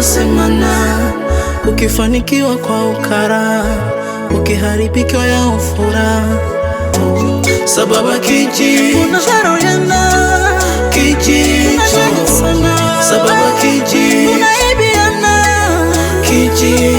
tunayosemana, ukifanikiwa kwa ukara, ukiharibikiwa ya ufura sababa kiji kijicho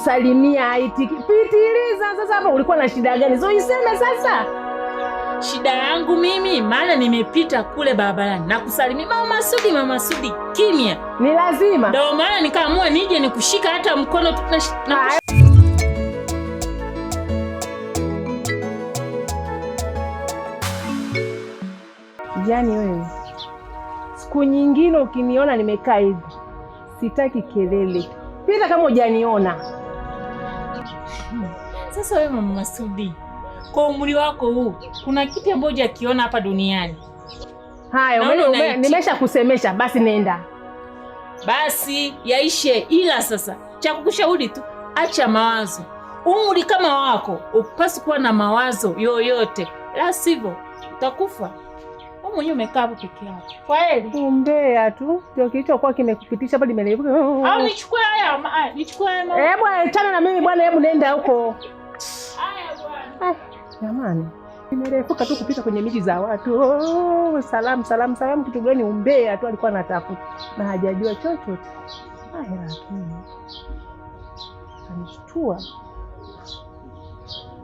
kumsalimia haitiki. Pitiliza sasa, hapa ulikuwa na shida gani? So iseme sasa shida yangu mimi, maana nimepita kule barabarani na kusalimia mama Masudi, mama Sudi, kimya ni lazima. Ndio maana nikaamua nije nikushika hata mkono tu na Yaani wewe siku nyingine ukiniona nimekaa hivi, sitaki kelele, pita kama hujaniona. Sasa wewe Mama Masudi, kwa umri wako huu, kuna kipi ambacho hujakiona hapa duniani? Haya, nimesha kusemesha, basi nenda basi, yaishe. Ila sasa cha kukushauri tu, acha mawazo. Umri kama wako upasi kuwa na mawazo yoyote, la sivyo utakufa wewe mwenyewe. Umekaa hapo peke yako, kwa heri. Umbea tu ndio kilichokuwa kimekupitisha hapa, limeleibuka. Au nichukue haya, nichukue haya. Eh achana na mimi bwana, hebu nenda huko. Jamani, imerefuka tu kupita kwenye miji za watu. Oh, salamu salamu salamu, kitu gani? Umbea tu alikuwa anatafuta na hajajua chochote. Haya, lakini anishtua.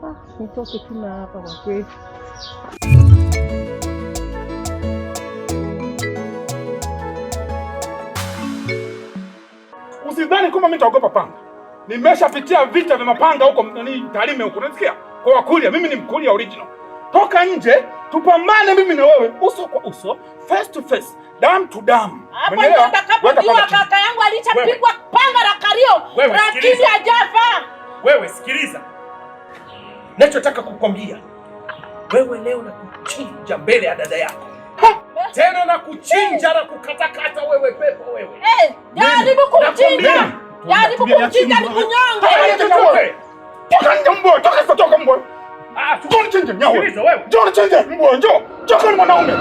Ah, nitoke tu na hapa kwa kweli. Usidhani kama mimi nitaogopa panga. Nimeshapitia vita vya mapanga huko nani Tarime huko, unasikia? Kwa Wakuria, mimi ni Mkuria original. Toka nje tupambane mimi na wewe uso kwa uso, face to face, dam to dam. Hapo atakapojua kaka yangu alichapigwa panga la Kario, lakini hajafa. Wewe sikiliza. Nachotaka kukwambia wewe leo na kuchinja mbele ya dada yako. Eh. Tena na kuchinja hey, eh. na kukatakata wewe pepo wewe. Eh, hey, jaribu kumchinja. Yaani kukuchinja ni kunyonge. Toka nje mbwa, toka sasa toka mbwa. Ah, sikuoni ah, chinje, nyawe. Njoo chinje mbwa, njoo. Toka ni mwanaume.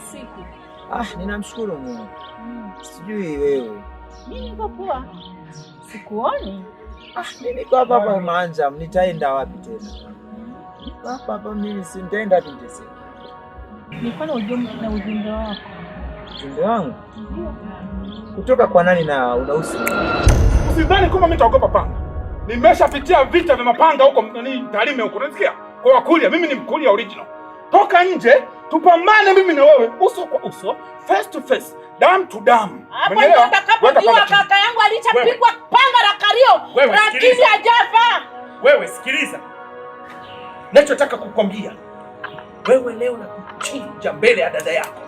siku. Ah, ninamshukuru Mungu. Mm. Sijui wewe. Mimi niko poa. Sikuoni. Ah, mimi kwa baba manja, nitaenda wapi tena? Kwa baba mimi si nitaenda tu tena. Nilikuwa na ujumbe na ujumbe wako. Ujumbe wangu? Ndio. Kutoka kwa nani na unahusu? Usidhani kama mimi nitaogopa panga. Nimeshapitia vita vya mapanga huko nani Tarime huko, unasikia? Kwa Wakulia, mimi ni Mkulia original. Toka nje Tupambane mimi na wewe uso kwa uso, face to face, damu to damu. Hapo ndio atakapojua kaka yangu alichapigwa panga la Kario, lakini hajafa. Wewe sikiliza, nachotaka kukwambia wewe, leo na kuchinja mbele ya dada yako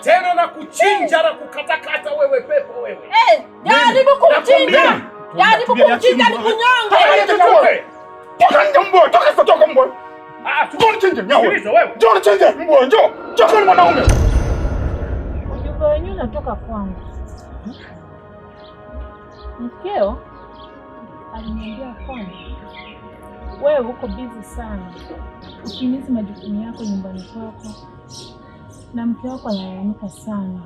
tena na kuchinja na kukatakata wewe, pepo wewe. Eh, jaribu kumchinja, jaribu kumchinja, nikunyonge. Toka mbo, toka toka mbo. Njoo nichinje mnyao. Njoo nichinje mbwa, njoo. Njoo mwanaume. Ujumbe wenyewe unatoka kwangu. Mkeo aliniambia kwamba wewe uko bizi sana utimizi majukumu yako nyumbani kwako, na mke wako analalamika sana.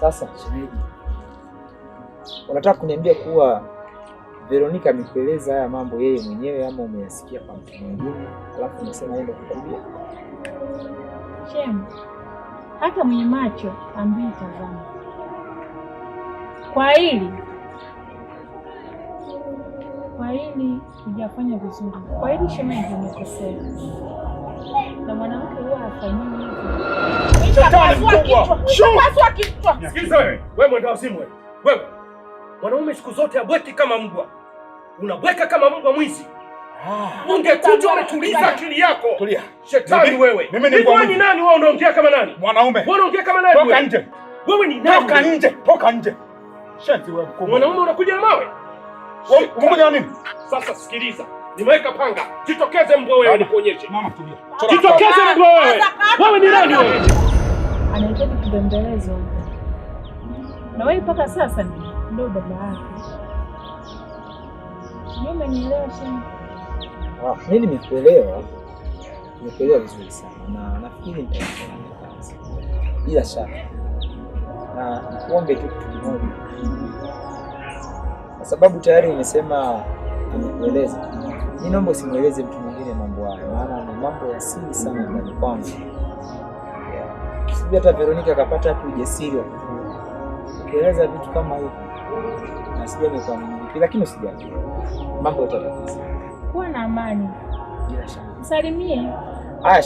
Sasa shemeji, unataka kuniambia kuwa Veronica amekueleza haya mambo yeye mwenyewe ama umeyasikia kwa mtu mwingine, alafu unasema yeye ndo kukwambia? Shemu, hata mwenye macho ambii tazama. Kwa hili kwa hili hujafanya vizuri, kwa hili shemeji, umekosea na mwanamke huwa afanyi hivyo. Sikiliza wewe, wewe wewe, mwanaume siku zote abweki kama mbwa unabweka kama mbwa mwizi. Ah, ungekuja umetuliza akili yako. Tulia. Shetani wewe. Mimi ni mbwa mwizi. Nani wewe unaongea kama nani? Mwanaume. Wewe unaongea kama nani? Toka nje. Wewe ni nani? Toka nje. Toka nje. Shetani wewe mkubwa. Mwanaume unakuja na mawe? Umekuja nini? Sasa sikiliza. Nimeweka panga. Jitokeze mbwa wewe nikuonyeshe. Mama tulia. Jitokeze mbwa wewe. Wewe ni nani wewe? Anahitaji kubembelezwa. Na wewe mpaka sasa ndio baba yake. Umenielewa sana? Ah, Mi nimekuelewa, nimekuelewa vizuri sana na nafikiri nitaifanyia kazi bila shaka, na nikuombe tu kitu kimoja, kwa sababu tayari umesema amekueleza. Mi naomba usimweleze mtu mwingine mambo hayo, maana ni mambo ya siri sana ndani kwangu. Sijui hata Veronica akapata tu ujasiri wa kueleza vitu kama hivyo, na sijui amekuamini, lakini usijali mambo yote kuwa na amani. Msalimie. Haya,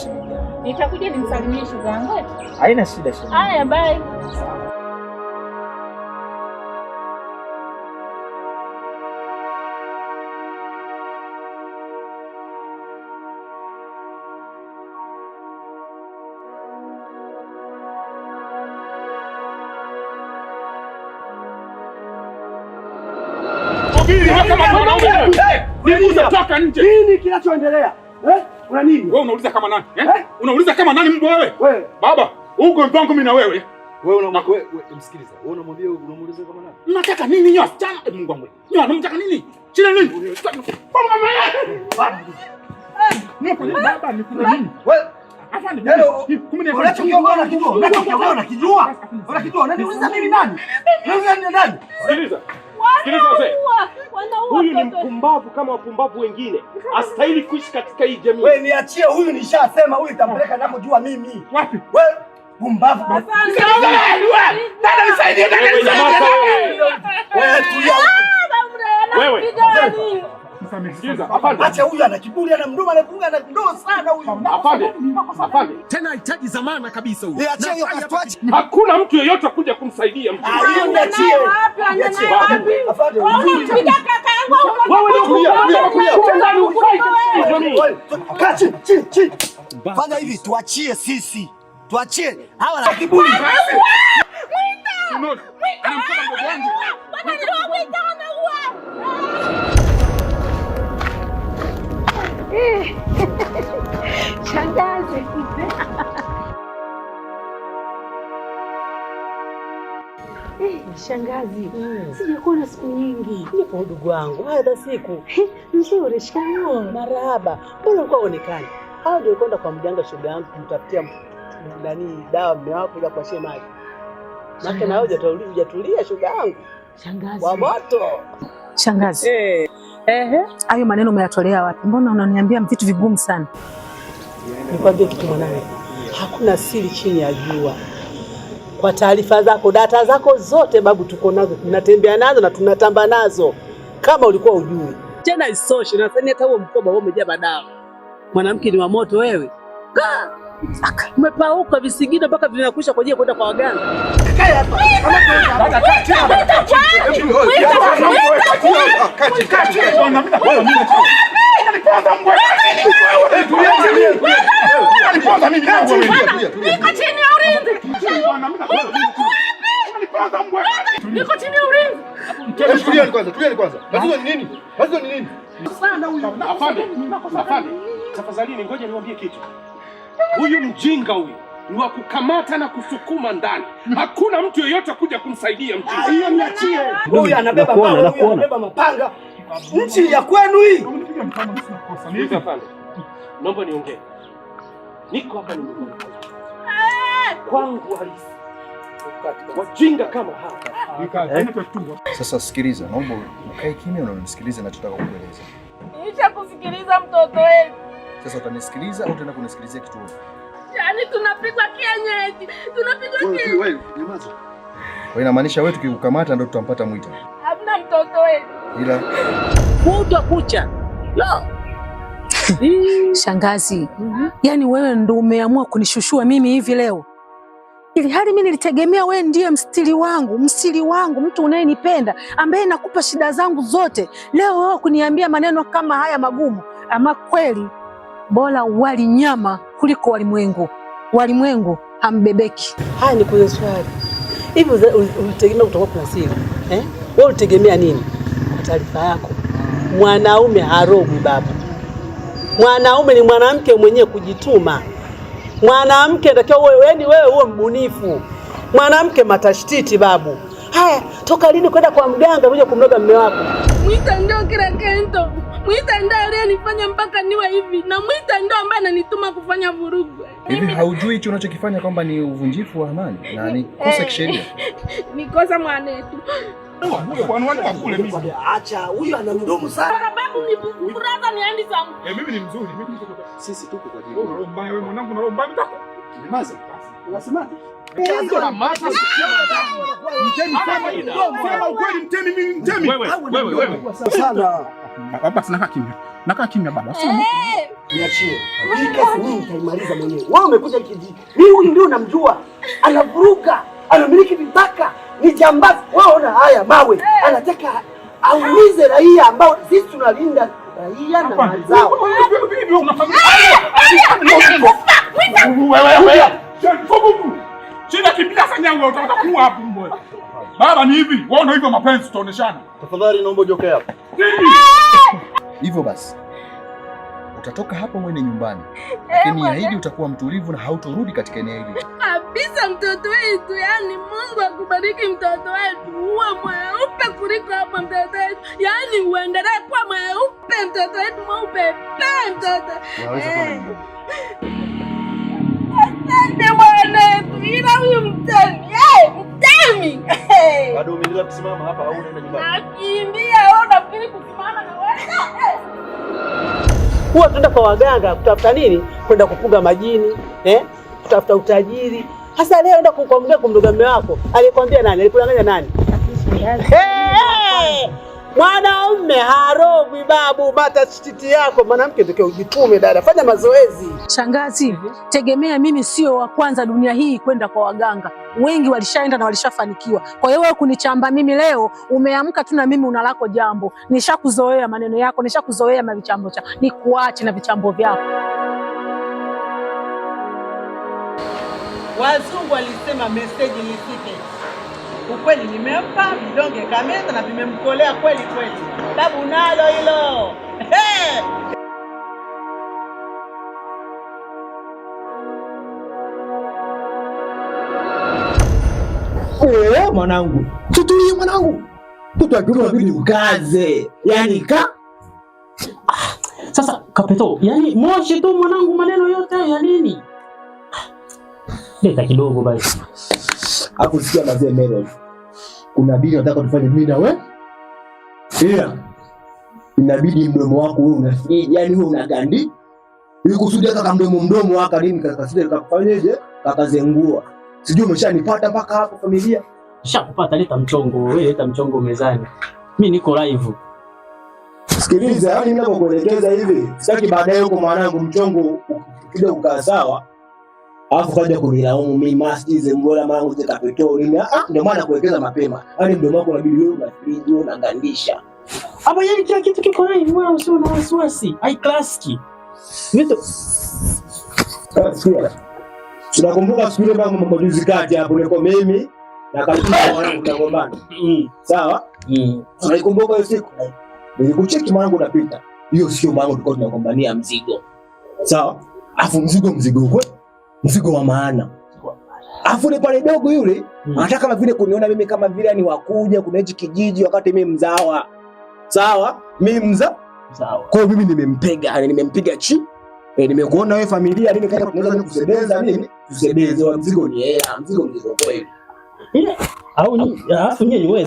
Nitakuja nimsalimie shida yangu. Haina shida shemeji. Haya, bye. Toka nje. Nini kinachoendelea? Eh? Una nini? Wewe unauliza kama nani? Eh? eh? Unauliza kama nani mbwa wewe? Wewe. Baba, uko mpango mimi na wewe. Wewe unamwambia wewe msikiliza. Wewe unamwambia unamuuliza kama nani? Unataka nini nyoa? Chana eh, Mungu wangu. Nyoa unataka nini? Chile nini? Baba mama yake. Baba. Ni nini? Wewe yaani, unakijua unakijua unaniuliza mimi nani? nani? Sikiliza. Sikiliza Huyu ni mpumbavu kama wapumbavu wengine, astahili kuishi katika hii jamii. Wewe niachie huyu, nishasema huyu itampeleka jua mimi. Wapi? Wewe mpumbavu. Nisaidie. Acha huyu ana kiburi, ana mdomo anapunga na ndoo sana huyu. Tena hahitaji zamana kabisa huyu. Hakuna mtu yeyote akuja kumsaidia mtu. Fanya hivi, tuachie sisi, tuachie hawa na kiburi. Mwita! Mwita! Mwita! Mwita! Mwita! Shangazi. Eh, shangazi, hmm. sijakuona siku nyingi. Nipo ndugu wangu, hadha siku nzuri. Shikamoo. Marahaba. Mbona ulikuwa uonekani? Au ndio kwenda kwa mganga, shoga yangu, kumtafutia nani dawa mume wako ila kuashie maji make, nawe hujatulia shoga yangu wa moto. Shangazi, hey. Eh. Ehe, hayo maneno umeyatolea wapi? Mbona unaniambia vitu vigumu sana? Nikwambie kitu mwanae, hakuna siri chini ya jua. Kwa taarifa zako, data zako zote babu, tuko nazo, tunatembea nazo na tunatamba nazo, kama ulikuwa ujui. Tena isoshe, nadhani hata huo mkoba wao umejaa madawa. Mwanamke ni wa moto wewe. Ka! Umepauka visigino mpaka vinakwisha kwa ajili ya kwenda kwa waganga. Tafadhali ngoja niwaambie kitu. Huyu mjinga huyu ni wa kukamata na kusukuma ndani, hakuna mtu yeyote kuja kumsaidia mjinga. Hiyo niachie. Huyu anabeba mawe, huyu anabeba mapanga. Nchi ya kwenu hii. Naomba niongee. Niko hapa nimekuja. Kwangu halisi. Wajinga kama hapa. Sasa sikiliza, naomba ukae kimya na unisikilize ninachotaka kukueleza. kusikiliza mtoto wetu. Sasa utanisikiliza au utaenda kunisikilizia kituoni? Yaani tunapigwa kienyeji, tunapigwa kienyeji. Wewe nyamaza. hiyo inamaanisha wewe tukikukamata ndio tutampata Mwita. Hamna mtoto wewe. Ila kuja kucha. La. Shangazi, mm -hmm. Yaani wewe ndio umeamua kunishushua mimi hivi leo, ili hali mimi nilitegemea wewe ndiye mstiri wangu, mstiri wangu, mtu unayenipenda ambaye nakupa shida zangu zote. Leo wewe kuniambia maneno kama haya magumu, ama kweli bora wali nyama kuliko walimwengu. Walimwengu hambebeki. Haya, ni kwenye swali hivi, ulitegemea kutoka kwa siri eh? Wewe ulitegemea nini kwa taarifa yako? Mwanaume harogwi baba, mwanaume ni mwanamke mwenyewe kujituma. Mwanamke natakiwa wewe ni yaani wewe uwe mbunifu, mwanamke matashtiti babu. Haya, toka lini kwenda kwa mganga kuja kumloga mume wako? Mwita ndio kila kento Mwita ndo aliyenifanya mpaka niwe hivi, na Mwita ndo ambaye ananituma kufanya vurugu. Hivi haujui hicho unachokifanya kwamba ni uvunjifu wa amani na ni kosa kisheria? Ni kosa mwanetu. Acha huyu ana mdomo sana. Sababu ni ni Eh, mimi ni mzuri. sisi tuko kwa mbaya wewe mwanangu na roho mbaya Unasemaje? Mtemi Mtemi mtemi. Basi nakaa kimya, nakaa kimya baba. Niachie hii kesi, mimi nitaimaliza mwenyewe. Wewe umekuja kijiji, mimi huyu ndio namjua, anavuruga, anamiliki vibaka, ni jambazi. Wewe ona haya mawe, anataka aumize raia ambao sisi tunalinda raia na mali zao. Wewe wewe, chini kimbia, fanya wewe, utakuwa hapo mbona Baba ni hivi, wewe ndio hivyo mapenzi tutaoneshana. Tafadhali naomba joke hapa. Hivyo basi utatoka hapa mwende nyumbani, eh, lakini ahidi utakuwa mtulivu na hautorudi katika eneo hili kabisa. Mtoto wetu, yani Mungu akubariki mtoto wetu, uwe mweupe kuliko hapa mtoto wetu, yani uendelee kuwa mweupe mtoto wetu, mweupe mtoto Mlima huyu mtemi, mtemi. Bado umeendelea kusimama hapa au unaenda nyumbani? Nakimbia wewe unafikiri kusimama na wewe? Huwa tunaenda kwa waganga kutafuta nini? Kwenda kupunga majini, eh? Kutafuta utajiri. Hasa leo enda kwa mganga mume wako. Alikwambia nani? Alikudanganya nani? Hey! Mwanaume harogwi babu, bata titi yako mwanamke, tokea ujitume dada, fanya mazoezi. Shangazi, Tegemea mimi sio wa kwanza dunia hii kwenda kwa waganga, wengi walishaenda na walishafanikiwa. Kwa hiyo wewe kunichamba mimi leo, umeamka tu na mimi unalako jambo. Nishakuzoea maneno yako, nishakuzoea mavichambo chako, nikuache na vichambo vyako. Wazungu walisema meseji nifike Ukweli nimempa vidonge kameza na vimemkolea kweli kweli. tabu nalo hilo hey! Oe, oh, mwanangu tutulie, mwanangu mtoto akiuma inabidi ukaze, yani ka ah, sasa Kapeto, yani moshi tu mwanangu, maneno yote ya nini? Ah, leta kidogo basi. Hapo sikia mazee Meron, kuna dili nataka tufanye mimi na wewe, ila inabidi mdomo wako wewe una yani wewe unagandi ili kusudi kaka mdomo mdomo wako nini kakasije kakafanyeje kakazengua. Sijui umeshanipata mpaka hapo familia. Shakupata, leta mchongo wewe, leta mchongo mezani, mimi niko live. Sikiliza, yani ninapokuelekeza hivi, sitaki baadaye huko mwanangu mchongo ukija ukaa sawa Alafu kaja kunilaumu mimi masjize mbona mangu zikapitoa nini? Ah, ndio maana kuwekeza mapema. Yaani mdomo wako unabidi wewe unafriji unagandisha. Hapa yani kila kitu kiko live, wewe usio na wasiwasi. Ai classic. Nito. Tunakumbuka siku ile bangu mko juzi kati hapo nilikuwa mimi na katibu wangu tunagombana. Mm. Sawa? Mm. Unaikumbuka hiyo siku? Nilikucheki mwanangu unapita. Hiyo sio mwanangu tulikuwa tunagombania mzigo. Sawa? Afu mzigo mzigo kwa mzigo wa maana. Afu ni pale dogo yule anataka hmm. kama vile kuniona mimi kama vile ni wakuja kuna hichi kijiji wakati mimi mzawa. Sawa? Mimi mza. Sawa. Kwa hiyo mimi nimempiga, yani nimempiga chi. Eh, nimekuona wewe familia nini kaja kunaweza kusebeza nini? kusebeza mzigo ni yeye, mzigo ni Ile Au ni afu nyewe ni wewe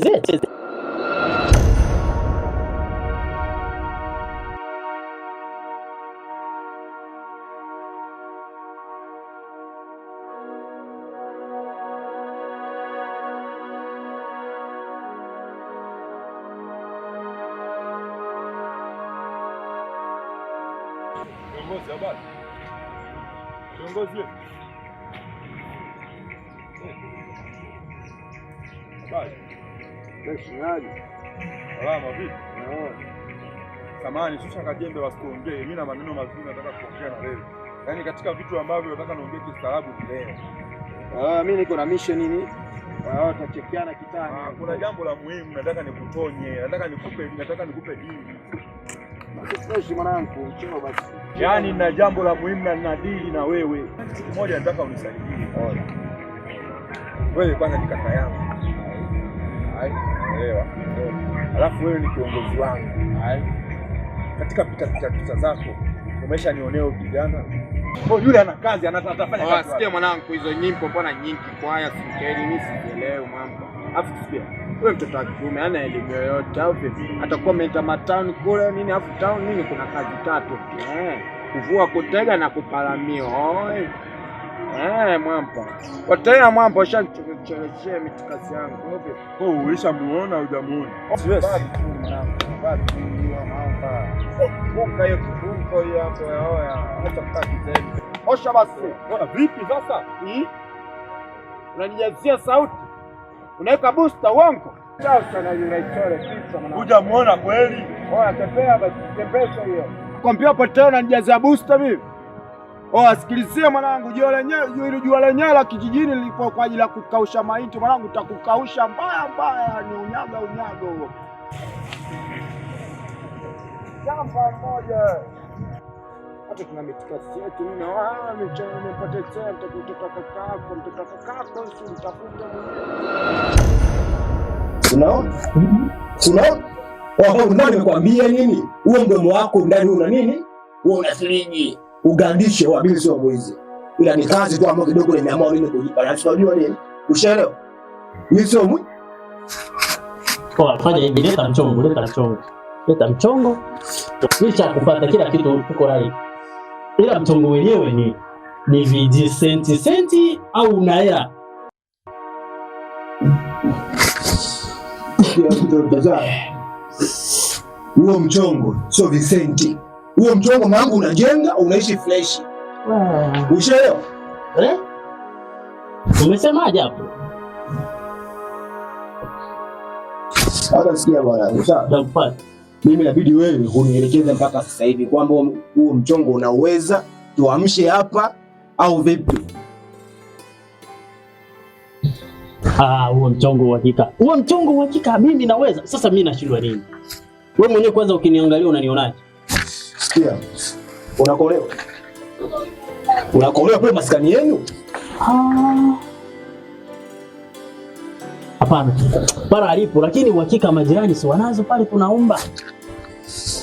acha kajembe wasiongee. Mimi na maneno mazuri nataka kuongea na wewe, yaani katika vitu ambavyo nataka niongee kistaarabu leo. Ah, mimi niko na mission nini? Ah, tutachekiana kitani. Ah, kuna jambo la muhimu nataka nikutonye, nataka nikupe, nataka nikupe dini. Basi mwanangu, chino basi. Yaani na jambo la muhimu na nina dili na wewe. Siku moja nataka unisaidie. Bora. Wewe kwanza ni kaka yangu. Hai, naelewa. Alafu wewe ni kiongozi wangu. Hai katika pita pita pita zako umesha nionea kijana oh, yule ana kazi anatafanya oh, kazi. Asikie mwanangu, hizo nyimbo mbona nyingi kwaya sikeli, mimi sielewi mambo. Afu sikia wewe, mtoto wa kiume ana elimu yoyote au vipi? Atakuwa menta matown kule nini, afu town nini, kuna kazi tatu eh, kuvua, kutega na kupalamia. Eh, mwampa watena mwampa ushanicheleshea mitukazi yangu. Oh, ulishamuona hujamuona? Oh, bado Mwanangu, mwanangu ni Funga hiyo kifungo hiyo hapo ya oya. Acha kutaki tena. Osha basi. Mbona vipi sasa? Hii. Unanijazia sauti. Unaweka booster uongo. Chao sana yule chore pizza mwanangu. Hujamuona kweli? Oya tembea basi, tembeza hiyo. Kwambia poteo unanijazia booster mimi. Oh, asikilizie mwanangu, jua lenyewe hilo jua lenyewe la kijijini lilikuwa kwa ajili ya kukausha maiti mwanangu, takukausha mbaya mbaya, ni unyaga unyaga huo shamba moja. Hata tuna mitikasi yetu wao kakako kakako si mtafuta Unaona? Unaona? nimekwambia nini? Huo mdomo wako ndani una nini? Wewe una Ugandishe wa bili sio mwizi. Ila ni kazi tu ambayo kidogo nimeamua mimi Unajua nini? Ushaelewa? Mimi sio mwizi. Kwa fanya hivi leta mchongo, leta mchongo leta mchongo, licha kupata kila kitu uko rai, ila mchongo wenyewe ni ni vijisenti senti au una hela huo mchongo sio visenti. Huo mchongo mangu unajenga, unaishi fresh. Wow. Ah. Ushaelewa? Eh? Umesemaje hapo? Hata sikia bwana. Ushaelewa? mimi inabidi wewe unielekeze mpaka sasa hivi kwamba huo mchongo unaweza tuamshe hapa au vipi? Ah, huo mchongo uhakika, huo mchongo uhakika, mimi naweza. Sasa mimi nashindwa nini? Wewe mwenyewe kwanza ukiniangalia unanionaje? Sikia, unakolewa unakolewa kule maskani yenu ah. Hapana, bara alipo, lakini uhakika majirani si wanazo pale, tunaomba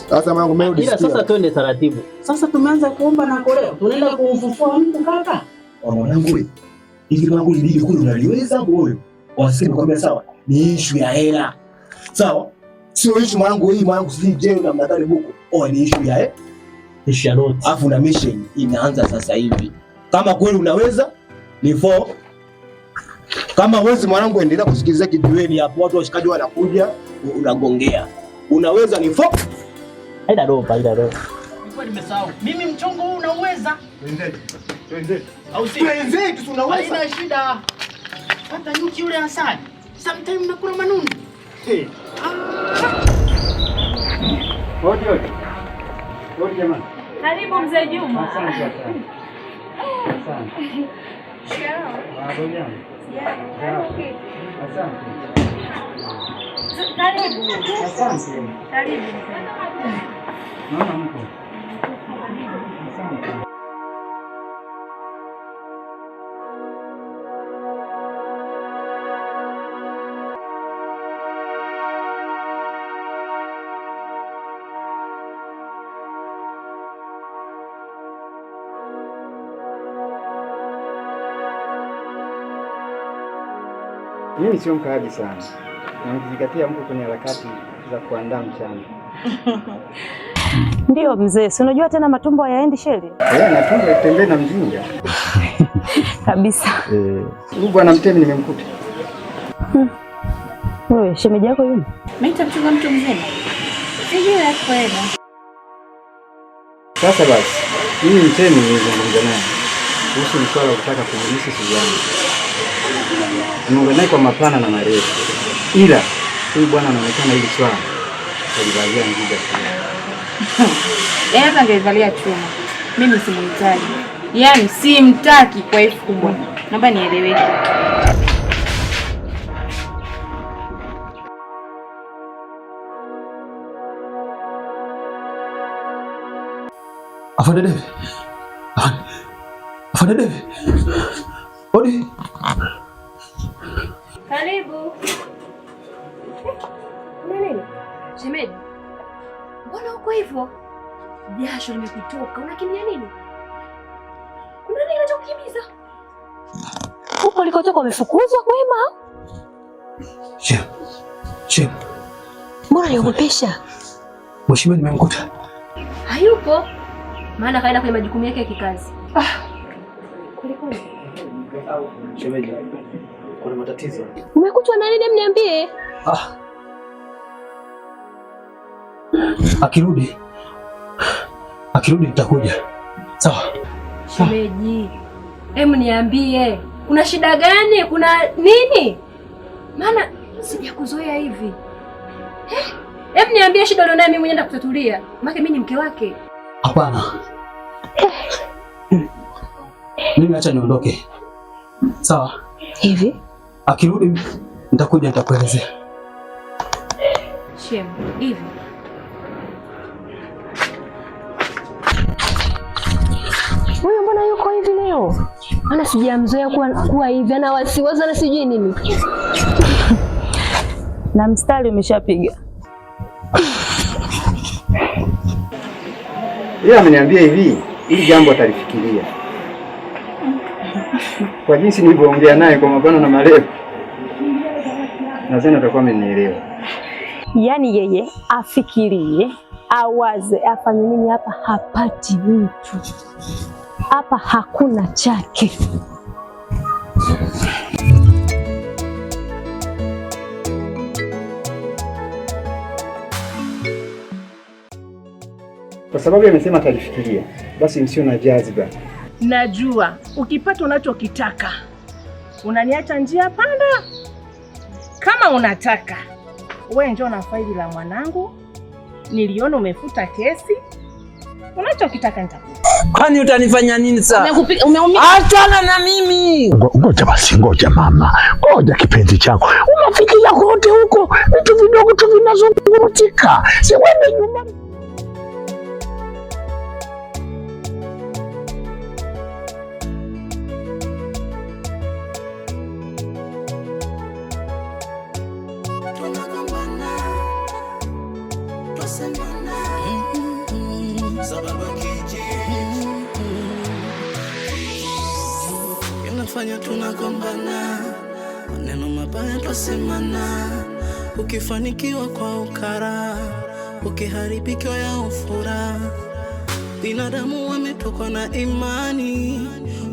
sasa. Mwanangu mimi ndio sasa, twende taratibu sasa. Tumeanza kuomba na kolea, tunaenda kumfufua mtu kaka. Kwa Mwanangu hili kwangu libidi kule unaliweza huyo. wasema kwamba sawa, ni issue ya hela sawa, sio issue mwanangu. Hii mwanangu si je na mnadhani huko. oh, ni issue ya eh. issue ya dot, afu na mission inaanza sasa hivi. Kama kweli unaweza ni for kama wezi mwanangu, endelea kusikiliza kijiweni hapo, watu washikaji wanakuja, unagongea, unaweza ni fo aida ropa aida ropa. Nilikuwa nimesahau mimi, mchongo huu unaweza. Twende twende, au si twende? Tunaweza, haina shida. Hata nyuki yule asali sometimes nakula manuni. Hey. Ah. Odi odi jamani, karibu mzee Juma. Asante sana. Asante. Ciao. Asante. Karibu. Asante. Karibu. Naona mko Mimi sio mkaaji sana, na mko kwenye harakati za kuandaa mchana. Ndio mzee, si unajua tena matumbo hayaendi sheli. Eh, matumbo yatembee na mzinga kabisa. Huyu bwana mtemi nimemkuta. Hmm. Wewe shemeji yako yule? Naita mchunga mtu mzima. Sijui la kwenda. Sasa basi, mimi mtemi nimezungumza naye kuhusu mswala kutaka kuruhusu sijana kwa mapana na marefu, ila huyu bwana anaonekana hili swala alivalia ngiga sana. Hata angevalia chuma, mimi simhitaji, yaani simtaki kwa elfu kubwa. Naomba nieleweke. Afande Devi, Odi. Karibu. Nani? Shemeji. Mbona uko hivyo? Jasho limekutoka. Unakimbia nini? Kuna nini kinachokukimbiza? Huko ulikotoka umefukuzwa kwema? Shemeji. Shemeji. Mbona niogopesha? Mheshimiwa nimemkuta. Hayupo. Maana kaenda kwenye majukumu yake ya kikazi. Ah. Shemeji, kuna matatizo. Umekutwa na nini? Mniambie. Ah. Akirudi akirudi nitakuja. Sawa. Shemeji, hem niambie kuna shida gani? Kuna nini? Maana sijakuzoea hivi. Eh, hem, niambie shida ulionayo, mimi mwenyewe nitakutatulia. Maana mimi ni mke wake. Hapana. Eh. Mimi acha niondoke. Sawa. Hivi akirudi nitakuja nitakuelezea. Shem, hivi huyu mbona yuko hivi leo? Ana sijamzoea kuwa, kuwa hivi, ana wasiwasi ana sijui nini na mstari umeshapiga yeye ameniambia hivi, hili jambo atalifikiria kwa jinsi nilivyoongea naye kwa mapana na marefu, nadhani atakuwa amenielewa. Yaani yeye afikirie, awaze, afanye nini. Hapa hapati mtu, hapa hakuna chake. Kwa sababu amesema atalifikiria, basi msio na jaziba Najua ukipata unachokitaka unaniacha njia panda. Kama unataka we, njoo na faili la mwanangu, niliona umefuta kesi. Unachokitaka nitakupa. Kwani utanifanya nini sasa? Achana na mimi. Ngoja basi, ngoja mama, ngoja kipenzi chako Unafikiria kote huko vitu vidogo tu vinazungurutika, siwendi nyumbani kufanya tunagombana, maneno mabaya twasemana, ukifanikiwa kwa ukara, ukiharibikiwa ya ufura. Binadamu wametokwa na imani,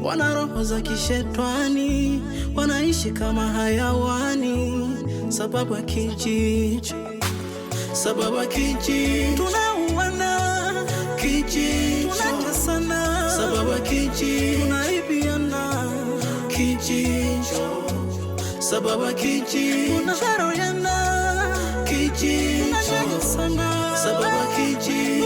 wana roho za kishetwani, wanaishi kama hayawani, sababu ya kijiji, sababu ya tunauana kiji tunatesana sababu ya kijiji kichinjo sababa kichi, unaharo yana kichinjo sababa kichi.